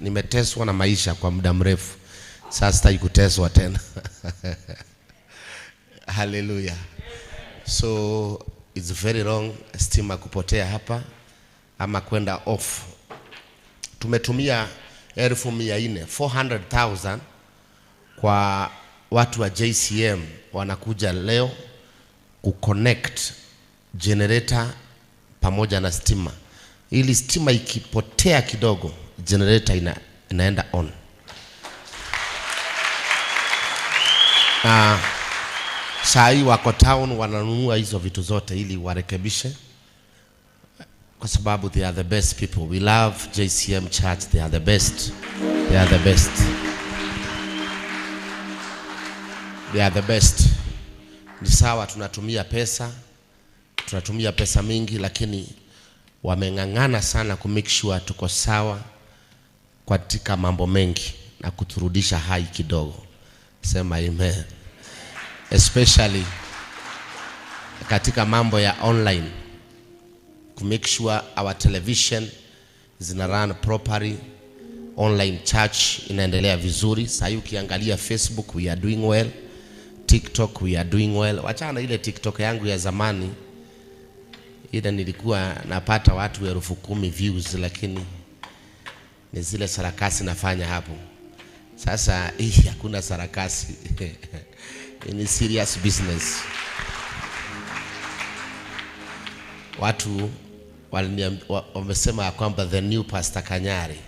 nimeteswa na maisha kwa muda mrefu, sasa sitaki kuteswa tena haleluya. So it's very wrong stima kupotea hapa ama kwenda off. Tumetumia elfu mia nne 400,000 kwa watu wa JCM wanakuja leo kuconnect generator pamoja na stima, ili stima ikipotea kidogo generator ina, inaenda on na saa hii wako town wananunua hizo vitu zote ili warekebishe, kwa sababu they are the best people. We love JCM Church, they are the best, they are the best, they are the best. Ni sawa, tunatumia pesa, tunatumia pesa mingi, lakini wameng'ang'ana sana kumake sure tuko sawa katika mambo mengi na kuturudisha hai kidogo. Sema amen. Especially katika mambo ya online to make sure our television zina run properly. Online church inaendelea vizuri. Sasa ukiangalia Facebook, we are doing well. TikTok, we are doing well. Wachana ile TikTok yangu ya zamani ile nilikuwa napata watu elfu kumi views, lakini ni zile sarakasi nafanya hapo. Sasa hii hakuna sarakasi ni serious business. Watu wamesema ya kwamba the new pastor Kanyari,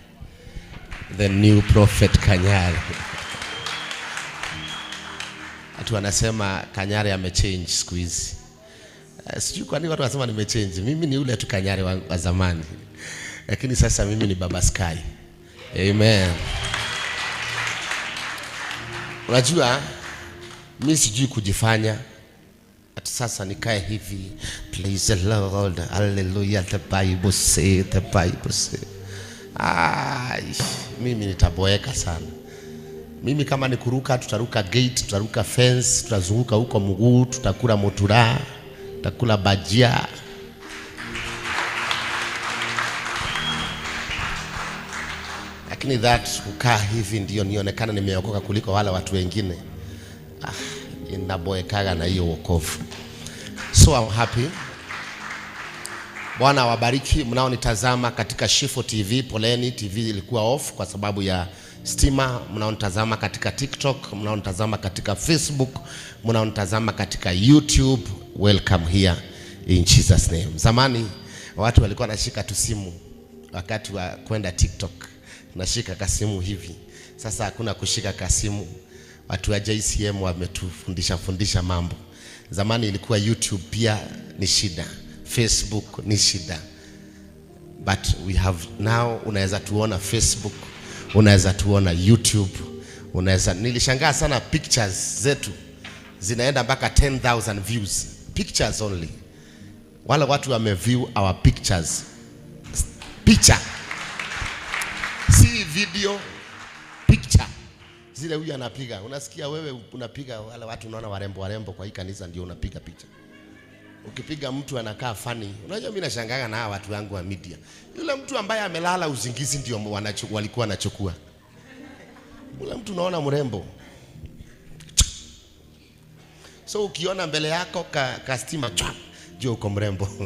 the new prophet Kanyari watu wanasema Kanyari amechange siku hizi. Eh, sijui kwa nini watu wanasema nimechange. Mimi ni ule tu Kanyari wa, wa zamani lakini sasa mimi ni Baba Sky. Amen. Unajua mi sijui kujifanya ati sasa nikae hivi, please the Lord, hallelujah, the Bible say, the Bible say. Ay, mimi nitaboeka sana. Mimi kama ni kuruka, tutaruka gate, tutaruka fence, tutazunguka huko mguu, tutakula motura tutakula bajia lakini that kukaa hivi ndio nionekana nimeokoka kuliko wale watu wengine ah, inaboekaga na hiyo wokovu. So I'm happy. Bwana wabariki mnaonitazama katika Shifo TV. Poleni, TV ilikuwa off kwa sababu ya stima. Mnaonitazama katika TikTok, mnaonitazama katika Facebook, mnaonitazama katika YouTube, welcome here in Jesus name. Zamani watu walikuwa wanashika tu simu wakati wa kwenda TikTok nashika kasimu hivi sasa. Hakuna kushika kasimu, watu wa JCM wametufundisha fundisha mambo. Zamani ilikuwa YouTube pia ni shida, Facebook ni shida, but we have now, unaweza tuona Facebook, unaweza tuona YouTube, unaweza nilishangaa sana pictures zetu zinaenda mpaka 10000 views, pictures only. Wale watu wameview our pictures, picha video picture zile huyu anapiga, unasikia wewe unapiga, wale watu unaona warembo warembo kwa hii kanisa ndio unapiga picha. Ukipiga mtu anakaa fani. Unajua mimi nashangaa na hawa watu wangu wa media, yule mtu ambaye amelala uzingizi ndio walikuwa wanachukua yule mtu, unaona mrembo. So ukiona mbele yako ka, ka stima jua uko mrembo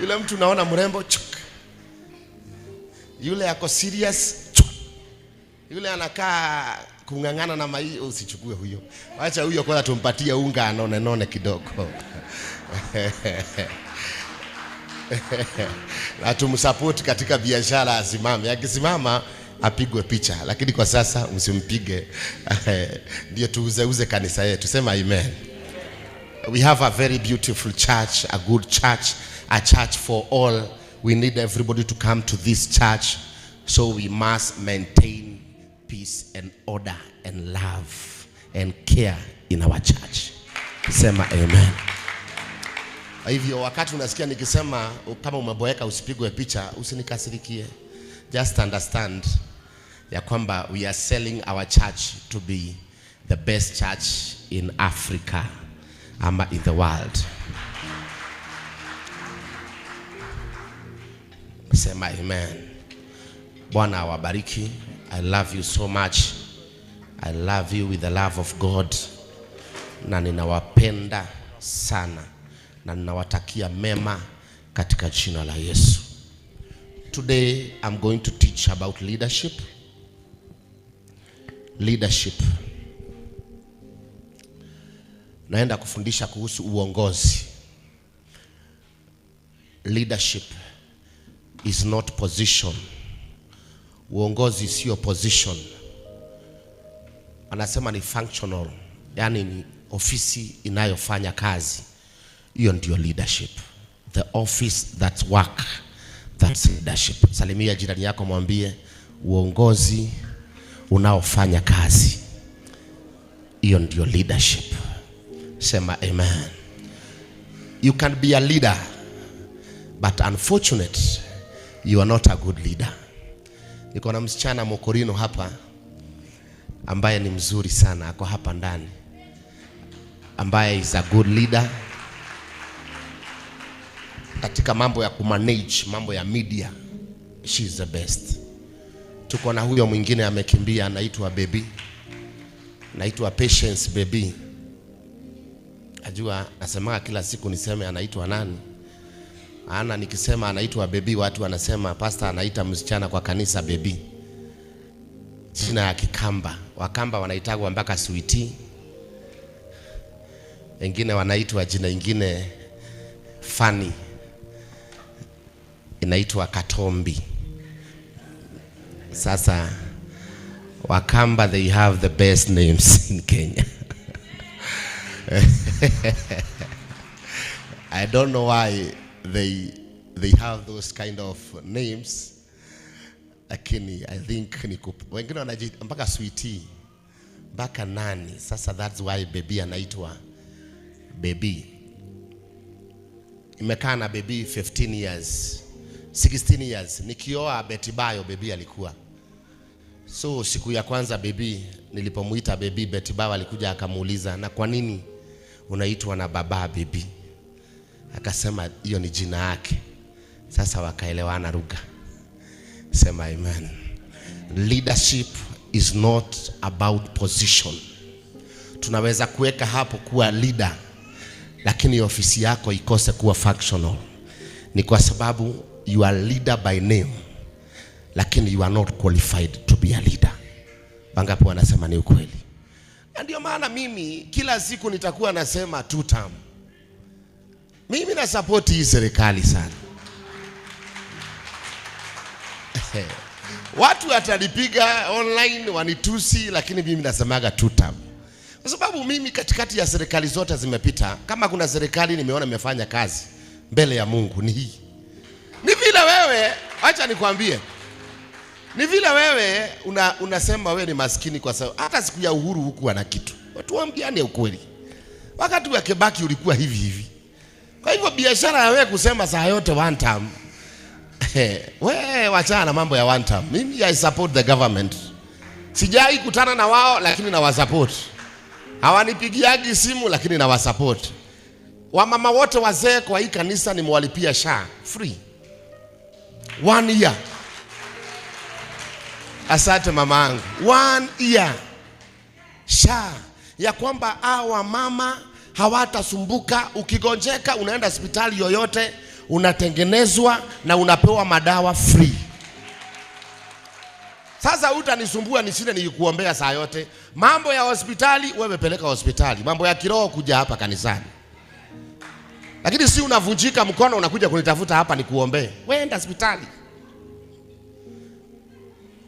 Yule mtu unaona mrembo chuk. Yule ako serious chuk. Yule anakaa kung'ang'ana na mai, usichukue huyo. Acha huyo kwanza tumpatie unga anone none kidogo. na tumsupport katika biashara asimame. Akisimama apigwe picha, lakini kwa sasa msimpige. Ndio tuuzeuze kanisa yetu, sema amen. We have a very beautiful church, a good church a church for all. We need everybody to come to this church. So we must maintain peace and order and love and care in our church. Sema amen. Hivyo wakati unasikia nikisema kama umeboeka, usipigwe picha, usinikasirikie. Just understand ya kwamba we are selling our church to be the best church in Africa ama in the world. Sema amen. Bwana awabariki. I love you so much. I love you with the love of God, na ninawapenda sana na ninawatakia mema katika jina la Yesu. Today I'm going to teach about leadership. Leadership. Naenda kufundisha kuhusu uongozi. Leadership is not position. Uongozi sio position, anasema ni functional, yani ni ofisi inayofanya kazi. Hiyo ndio leadership, the office that work, that's leadership. Salimia jirani yako, mwambie uongozi unaofanya kazi, hiyo ndio leadership. Sema amen. You can be a leader but unfortunately you are not a good leader. Niko na msichana Mokorino hapa ambaye ni mzuri sana, ako hapa ndani, ambaye is a good leader katika mambo ya kumanage mambo ya media, she is the best. Tuko na huyo mwingine amekimbia, anaitwa Baby, anaitwa Patience Baby. Ajua nasemaga kila siku niseme anaitwa nani ana nikisema anaitwa bebi, watu wanasema pasta anaita msichana kwa kanisa bebi, jina ya Kikamba. Wakamba wanaitagwa mpaka switi, wengine wanaitwa jina ingine fani, inaitwa Katombi. Sasa Wakamba they have the best names in Kenya. I don't know why they they have those kind of names lakini I think ni wengine wanajiita mpaka sweetie mpaka nani. Sasa that's why baby anaitwa baby. Imekaa na baby 15 years 16 years. Nikioa betibayo Bayo baby alikuwa so, siku ya kwanza baby nilipomuita baby, Betty Bayo alikuja akamuuliza, na kwa nini unaitwa na baba baby? Akasema hiyo ni jina yake. Sasa wakaelewana lugha. Sema amen. Leadership is not about position. Tunaweza kuweka hapo kuwa leader, lakini ofisi yako ikose kuwa functional. Ni kwa sababu you are leader by name, lakini you are not qualified to be a leader. Wangapi wanasema ni ukweli? Ndio maana mimi kila siku nitakuwa nasema two term mimi nasapoti hii serikali sana. Watu watanipiga online wanitusi, lakini mimi nasemaga two kwa sababu mimi katikati ya serikali zote zimepita. Kama kuna serikali nimeona imefanya kazi mbele ya Mungu ni hii. Ni vile wewe, acha nikwambie, ni vile wewe una, unasema wewe ni maskini, kwa sababu hata siku ya uhuru hukuwa na kitu. Watu waambiane ukweli, wakati wa Kibaki ulikuwa hivi hivi kwa hivyo biashara ya wewe kusema saa yote one time. wewe wachana na mambo ya one time. Mimi I support the government, sijai kutana na wao lakini wasupport. Hawanipigiagi simu lakini wasupport. Wamama wote wazee kwa hii kanisa nimewalipia sha free one year. Asante angu. one year sha ya kwamba awa mama hawatasumbuka. Ukigonjeka unaenda hospitali yoyote, unatengenezwa na unapewa madawa free. Sasa utanisumbua nisine nikikuombea saa yote. Mambo ya hospitali wewe peleka hospitali, mambo ya kiroho kuja hapa kanisani. Lakini si unavunjika mkono unakuja kunitafuta hapa nikuombee, wenda hospitali.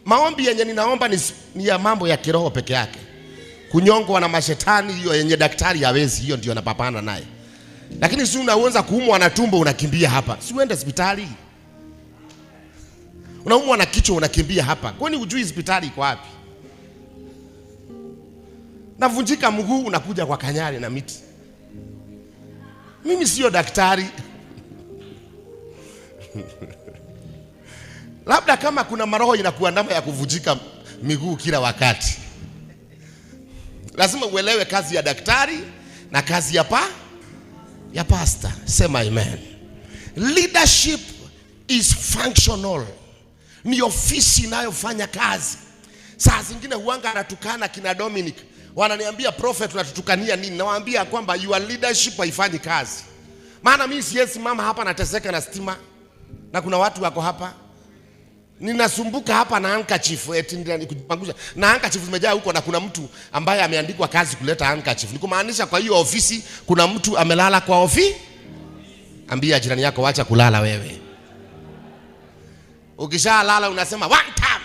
Maombi yenye ninaomba ni ya mambo ya kiroho peke yake kunyongwa na mashetani, hiyo yenye daktari hawezi, hiyo ndio anapapana naye. Lakini si unaanza kuumwa na tumbo unakimbia hapa, si uende hospitali? Unaumwa na kichwa unakimbia hapa, kwani hujui hospitali iko wapi? Navunjika mguu unakuja kwa kanyari na miti. Mimi siyo daktari. Labda kama kuna maroho inakuandama ya kuvunjika miguu kila wakati Lazima uelewe kazi ya daktari na kazi ya pa ya pastor. Sema amen. Leadership is functional, ni ofisi inayofanya kazi. Saa zingine huanga anatukana kina Dominic, wananiambia prophet, unatutukania nini? Nawaambia kwamba your leadership haifanyi kazi, maana mimi siwezi mama hapa nateseka na stima na kuna watu wako hapa ninasumbuka hapa na handkerchief eti kujipanguza na handkerchief zimejaa huko, na kuna mtu ambaye ameandikwa kazi kuleta handkerchief. Nikumaanisha, kwa hiyo ofisi kuna mtu amelala kwa ofi. Ambia jirani yako, wacha kulala wewe. Ukishalala unasema one time,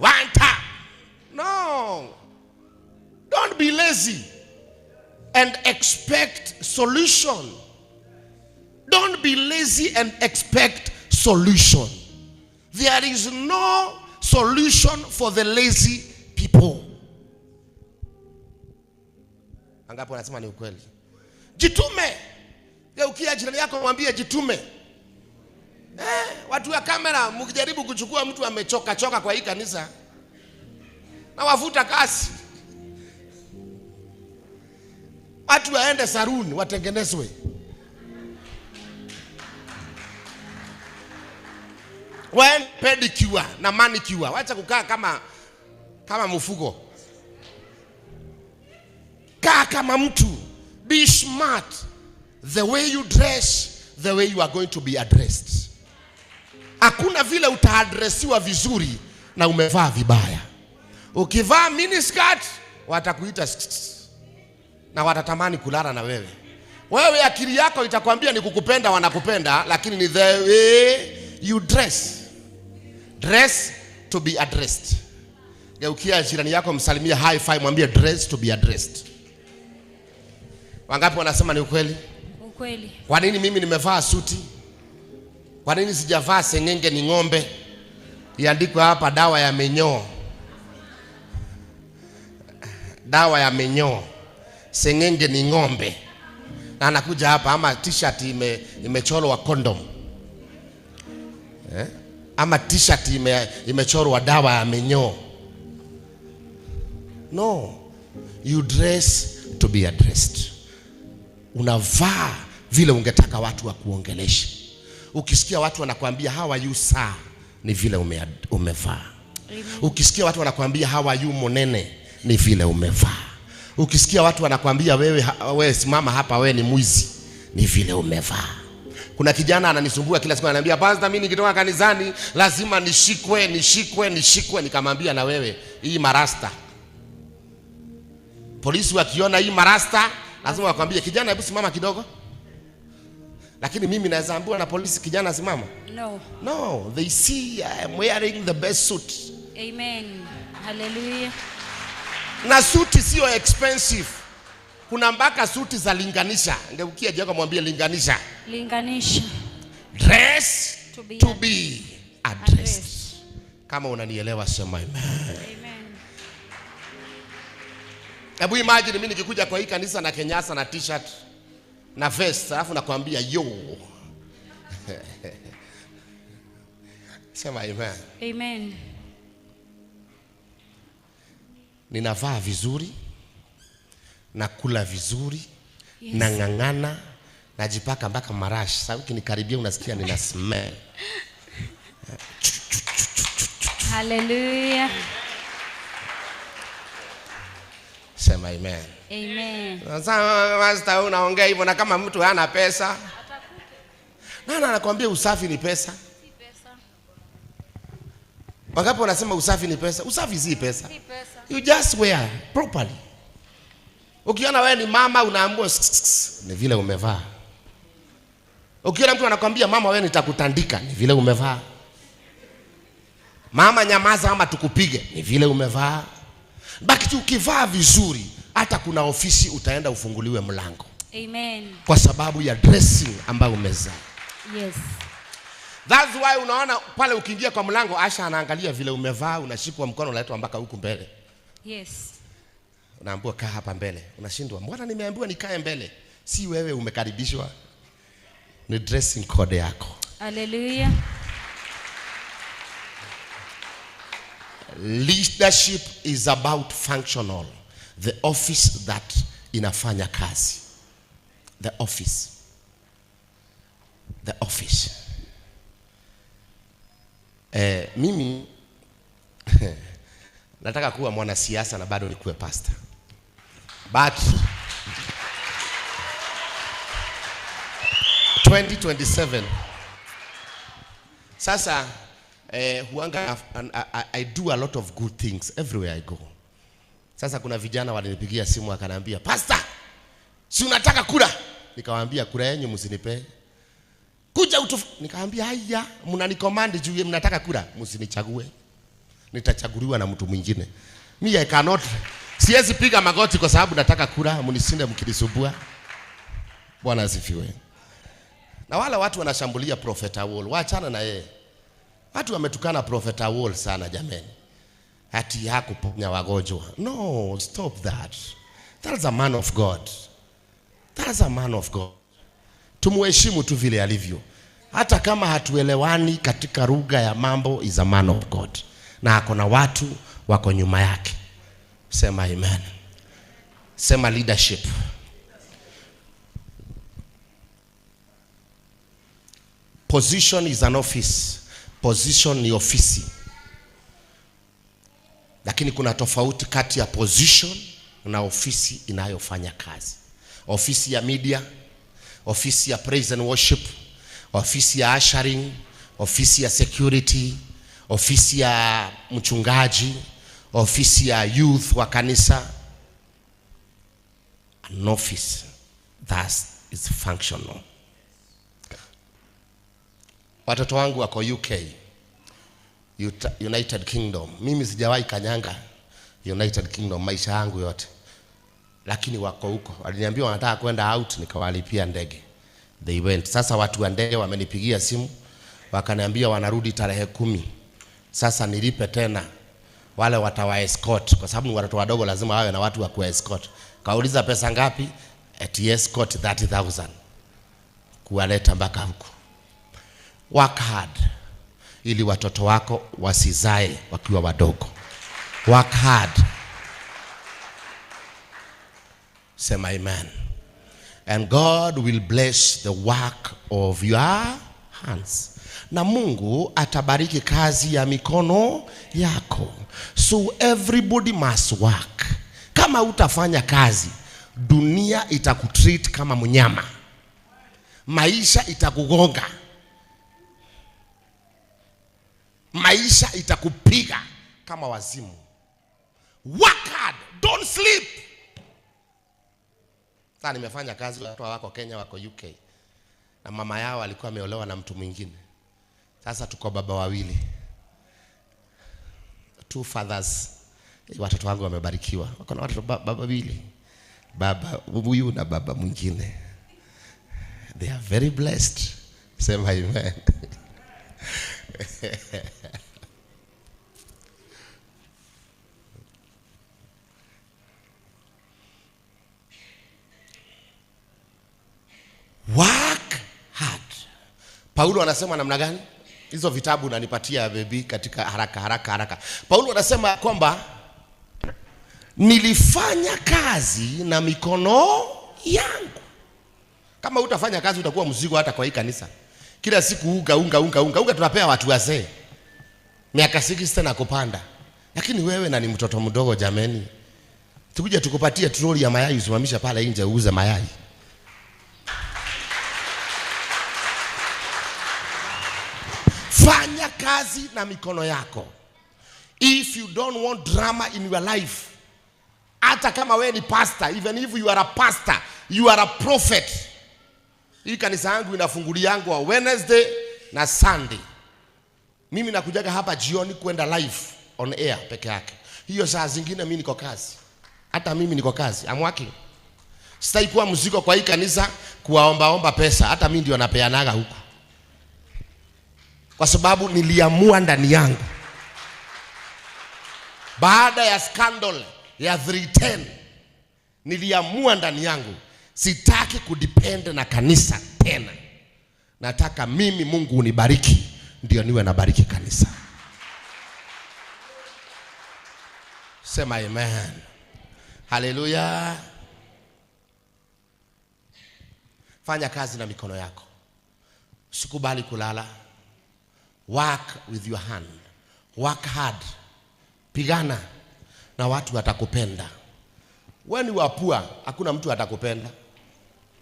one time. No, don't be lazy and expect solution. Don't be lazy and expect solution. There is no solution for the lazy people. Angapo nasema ni ukweli. Jitume. Ukia jirani yako mwambie jitume. Eh, watu wa kamera mkijaribu kuchukua mtu amechoka choka kwa hii kanisa na wavuta kasi, watu waende saruni watengenezwe. when pedicure na manicure, wacha kukaa kama kama mfuko, kaa kama mtu. Be smart the way you dress, the way you are going to be addressed. Hakuna vile utaadresiwa vizuri na umevaa vibaya. Ukivaa miniskirt watakuita na watatamani kulala na wewe. Wewe akili yako itakwambia ni kukupenda, wanakupenda, lakini ni the way you dress. Dress to be addressed. Geukia jirani yako, msalimie high five, mwambie dress to be addressed. Wangapi wanasema ni ukweli? Ukweli. Kwa nini mimi nimevaa suti? Kwa nini sijavaa sengenge ni ng'ombe? Iandikwe hapa dawa ya minyoo. Dawa ya minyoo. Sengenge ni ng'ombe. Na anakuja hapa ama t-shirt ime condom ama t-shirt ime, imechorwa dawa ya minyoo. No, you dress to be addressed. Unavaa vile ungetaka watu wakuongeleshe. Ukisikia watu wanakuambia how are you sir, ni vile ume, umevaa. Ukisikia watu wanakuambia how are you monene, ni vile umevaa. Ukisikia watu wanakuambia wewe, wewe simama hapa, wewe ni mwizi, ni vile umevaa. Kuna kijana ananisumbua kila siku, ananiambia pastor, mimi nikitoka kanisani lazima nishikwe nishikwe nishikwe. Nikamwambia na wewe, hii marasta, polisi wakiona hii marasta lazima wakwambie, kijana, hebu simama kidogo. Lakini mimi naweza ambiwa na polisi, kijana, simama? No, no, they see I am wearing the best suit. Amen, hallelujah. Na suti sio expensive kuna mpaka suti za linganisha. Ngeukia Jacob mwambie linganisha, linganisha. Dress to be, to be addressed. Addressed. Kama unanielewa sema amen. Hebu imagine mimi nikikuja kwa hii kanisa na kenyasa na t-shirt na vest, alafu nakwambia yo sema amen. Amen. Ninavaa vizuri nakula vizuri yes. nang'ang'ana najipaka mpaka marash sasa ukinikaribia unasikia nina smell haleluya sema amen amen sasa master unaongea hivyo na kama mtu hana pesa nana anakwambia usafi ni pesa wangapi wanasema usafi ni pesa usafi si pesa. si pesa you just wear properly Ukiona wewe ni mama unaambua ni vile umevaa. Ukiona mtu anakwambia mama, wewe nitakutandika, ni vile umevaa. Mama nyamaza, ama tukupige, ni vile umevaa. Baki ukivaa vizuri, hata kuna ofisi utaenda ufunguliwe mlango. Amen. Kwa sababu ya dressing ambayo umezaa. Yes. That's why unaona pale ukiingia kwa mlango Asha anaangalia vile umevaa, unashikwa mkono unaletwa mpaka huku mbele. Yes unaambiwa kaa hapa mbele, unashindwa, mbona nimeambiwa nikae mbele? Si wewe umekaribishwa, ni dressing code yako. Haleluya. Leadership is about functional, the office that inafanya kazi, the office, the office. Eh, mimi nataka kuwa mwanasiasa na bado nikuwe pastor. But 2027 sasa eh, huanga and I, I do a lot of good things everywhere I go. Sasa kuna vijana walinipigia simu akanaambia, Pastor, si unataka kura? Nikawaambia kura yenyu msinipe. Kuja utu nikaambia, haya mnanicommand juu mnataka kura, msinichague. Nitachaguliwa na mtu mwingine. Me I cannot Siwezi piga magoti kwa sababu nataka kula, mnisinde mkilisumbua. Bwana asifiwe. Na wala watu wanashambulia Profeta Wall, waachana na yeye. Watu wametukana Profeta Wall sana jameni, ati hakuponya wagonjwa. No, stop that. That's a man of God. That's a man of God. Tumuheshimu tu vile alivyo, hata kama hatuelewani katika lugha ya mambo, is a man of God, na ako na watu wako nyuma yake. Sema amen. Sema leadership. Position is an office. Position ni ofisi, lakini kuna tofauti kati ya position na ofisi inayofanya kazi. Ofisi ya media, ofisi ya praise and worship, ofisi ya ushering, ofisi ya security, ofisi ya mchungaji ofisi ya youth wa kanisa, an office that is functional. Watoto wangu wako UK, United Kingdom. Mimi sijawahi kanyanga United Kingdom maisha yangu yote, lakini wako huko. Waliniambia wanataka kwenda out, nikawalipia ndege, they went. Sasa watu wa ndege wamenipigia simu wakaniambia wanarudi tarehe kumi, sasa nilipe tena wale escort kwa sababu ni watoto wadogo, lazima wawe na watu wa escort. Kauliza pesa ngapi? At escort 30000 kuwaleta mpaka huku. Work hard ili watoto wako wasizae wakiwa wadogo. Work hard. Sema amen. And God will bless the work of your hands. Na Mungu atabariki kazi ya mikono yako. So everybody must work. Kama utafanya kazi, dunia itakutreat kama mnyama, maisha itakugonga, maisha itakupiga kama wazimu. Work hard, don't sleep. Sasa nimefanya kazi, watu wako Kenya, wako UK na mama yao alikuwa ameolewa na mtu mwingine. Sasa tuko baba wawili two fathers. Watoto wangu wamebarikiwa, wako na watoto baba wili, baba huyu na baba mwingine. They are very blessed. Sema amen. Work hard. Paulo anasema namna gani? hizo vitabu nanipatia bebi katika haraka haraka haraka. Paulo anasema kwamba nilifanya kazi na mikono yangu. Kama utafanya kazi utakuwa mzigo hata kwa hii kanisa. Kila siku unga unga unga unga unga tunapea watu wazee miaka 60 na kupanda, lakini wewe na ni mtoto mdogo jameni, tukuja tukupatie troli ya mayai usimamisha pale nje uuze mayai. fanya kazi na mikono yako. If you don't want drama in your life, hata kama wewe ni pastor, even if you are a pastor, you are a prophet. Hii kanisa yangu inafunguliangu wa Wednesday na Sunday. Mimi nakujaga hapa jioni kwenda live on air peke yake. Hiyo saa zingine mimi niko kazi, hata mimi niko kazi, I'm working. Sitaikuwa kuwa mzigo kwa hii kanisa kuwaombaomba pesa, hata mimi ndio napeanaga huku kwa sababu niliamua ndani yangu baada ya scandal ya 310 niliamua ndani yangu, sitaki kudepend na kanisa tena. Nataka mimi Mungu unibariki, ndio niwe nabariki kanisa. Sema amen, haleluya. Fanya kazi na mikono yako, usikubali kulala work with your hand, work hard, pigana na watu watakupenda. When you are poor, hakuna mtu atakupenda.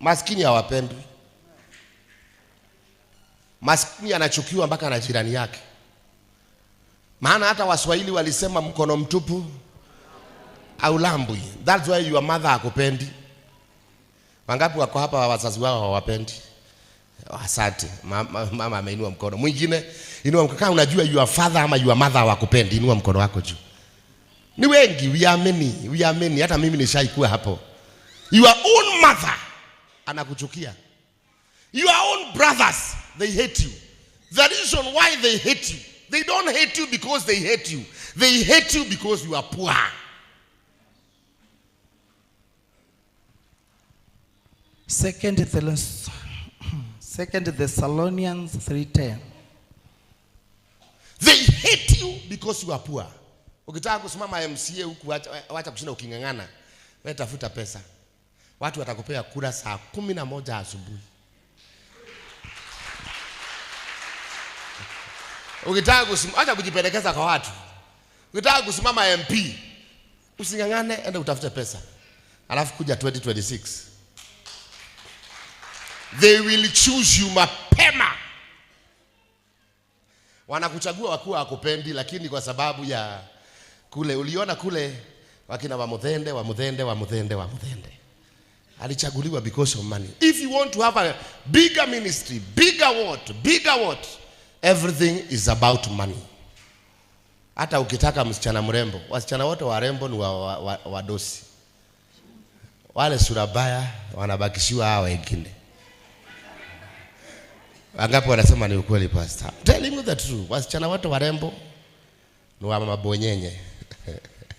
Maskini hawapendwi, maskini anachukiwa mpaka na jirani yake, maana hata Waswahili walisema mkono mtupu aulambwi. That's why your mother akupendi. Wangapi wako hapa wazazi wao hawapendi? Oh, asante mama, ameinua mkono. Mwingine inua mkono. Kama unajua your father ama your mother wakupendi, inua mkono wako juu. Ni wengi, we are many, we are many. Hata mimi nishaikuwa hapo. Your own mother anakuchukia. Your own brothers they hate you. The reason why they hate you, they don't hate you because they hate you. They hate you because you are poor. Second Thessalonians Second Thessalonians 3:10. They hate you because you are poor. Ukitaka kusimama MCA huku acha kushinda uking'ang'ana, wewe tafuta pesa. Watu watakupea kura saa kumi na moja asubuhi. Ukitaka kusimama, acha kujipendekeza kwa watu. Ukitaka kusimama MP, using'ang'ane, enda utafute pesa. Alafu kuja 2026 they will choose you mapema. Wanakuchagua wakuwa wakupendi, lakini kwa sababu ya kule uliona kule wakina wa wa mudhende mudhende wa mudhende wa mudhende alichaguliwa because of money. If you want to have a bigger ministry, bigger what, bigger what, everything is about money. Hata ukitaka msichana mrembo, wasichana wote warembo ni wadosi wa, wa, wa wale surabaya wanabakishiwa hao wengine. Wangapi wanasema ni ukweli pastor? Tell him the truth. Wasichana wote warembo ni wa mabonyenye.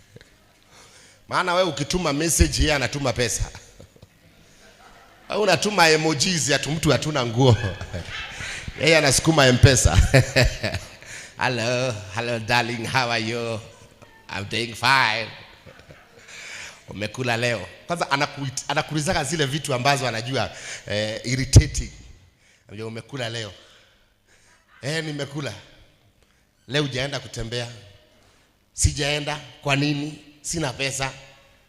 Maana we ukituma message yeye anatuma pesa. Au unatuma emojis ya mtu hatuna nguo. Yeye anasukuma M-Pesa. Hello, hello darling, how are you? I'm doing fine. Umekula leo. Kwanza anakuulizaga zile vitu ambazo anajua eh, irritating ndio umekula leo. Eh, nimekula. Leo hujaenda kutembea. Sijaenda kwa nini? Sina pesa.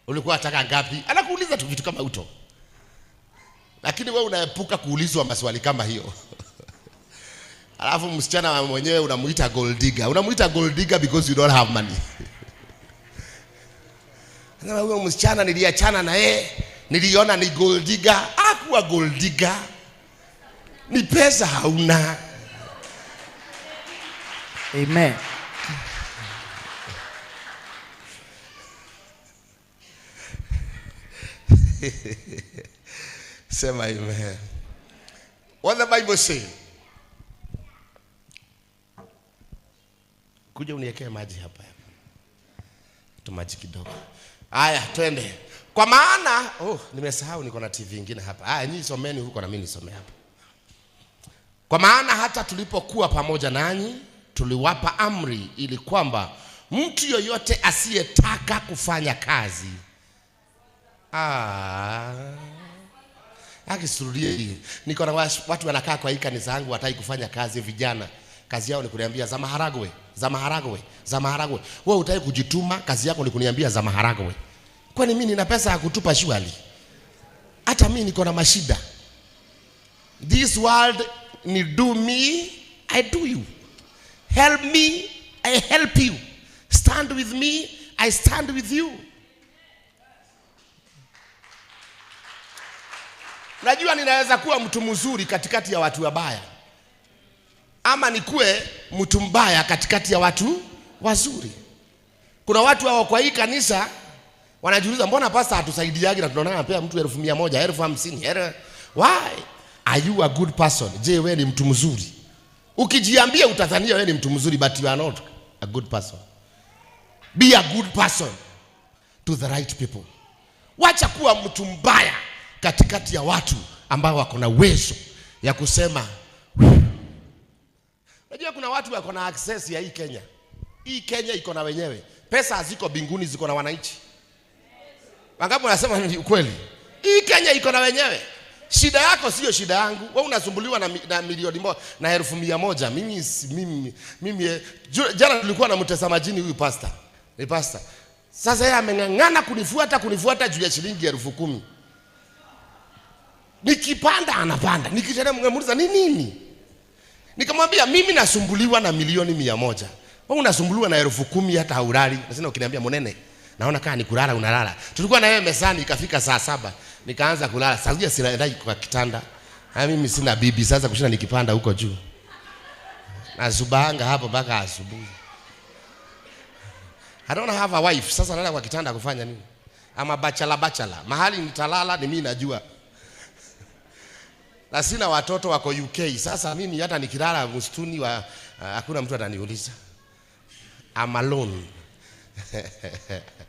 Ulikuwa unataka ngapi? Anakuuliza tu vitu kama uto. Lakini wewe unaepuka kuulizwa maswali kama hiyo. Alafu msichana mwenyewe unamuita gold digger. Unamuita gold digger because you don't have money. Anasema huyo msichana niliachana na yeye, niliona ni gold digger. Hakuwa gold digger ni pesa hauna. Amen. Sema amen. What the Bible say? Kuja uniwekee maji hapa tu maji kidogo. Haya, twende. Kwa maana oh, nimesahau niko na TV nyingine hapa. Haya, nyinyi someni huko na mimi nisome hapa. Kwa maana hata tulipokuwa pamoja nanyi tuliwapa amri, ili kwamba mtu yoyote asiyetaka kufanya kazi ah, hii. Niko na watu wanakaa kwa hii kanisa yangu watai kufanya kazi, vijana kazi yao ni kuniambia za maharagwe za maharagwe za maharagwe. Wewe utai kujituma, kazi yako ni kuniambia za maharagwe. Kwani mimi nina pesa ya kutupa shwali? Hata mimi niko na mashida. This world ni do me, I do you. Help me, I help you. Stand with me, I stand with you. Najua ninaweza kuwa mtu mzuri katikati ya watu wabaya, ama nikuwe mtu mbaya katikati ya watu wazuri. Kuna watu hao kwa hii kanisa wanajiuliza, mbona pasta hatusaidiagi na tunaona anapea mtu elfu mia moja elfu hamsini Why? Are you a good person? Je, wewe ni mtu mzuri? Ukijiambia utadhania wewe ni mtu mzuri but you are not a good person. Be a good person to the right people. Wacha kuwa mtu mbaya katikati ya watu ambao wako na uwezo ya kusema. Unajua kuna watu wako na access ya hii Kenya. Hii Kenya iko na wenyewe. Pesa haziko binguni, ziko na wananchi. Wangapi wanasema ni ukweli? Hii Kenya iko na wenyewe. Shida yako sio shida yangu. Wewe unasumbuliwa na, na milioni moja na elfu mia moja. Mimi mimi mimi eh, jana tulikuwa na mtesa majini huyu pasta. Ni pasta. Sasa yeye ameng'ang'ana kunifuata kunifuata juu ya shilingi elfu kumi. Nikipanda anapanda. Nikiteremka muuliza ni nini? Nikamwambia mimi nasumbuliwa na milioni mia moja. Wewe unasumbuliwa na elfu kumi hata haulali Nasema ukiniambia monene naona kama ni kulala unalala. Tulikuwa na yeye mezani ikafika saa saba nikaanza kulala. Sasa silaendai kwa kitanda. Ha, mimi sina bibi sasa kushinda nikipanda huko juu. Nazubanga hapo mpaka asubuhi. I don't have a wife. Sasa nalala kwa kitanda kufanya nini? Ama bachala bachala. Mahali nitalala ni mimi najua. Na sina watoto wako UK. Sasa mimi hata nikilala msituni wa hakuna uh, mtu ataniuliza. I'm alone.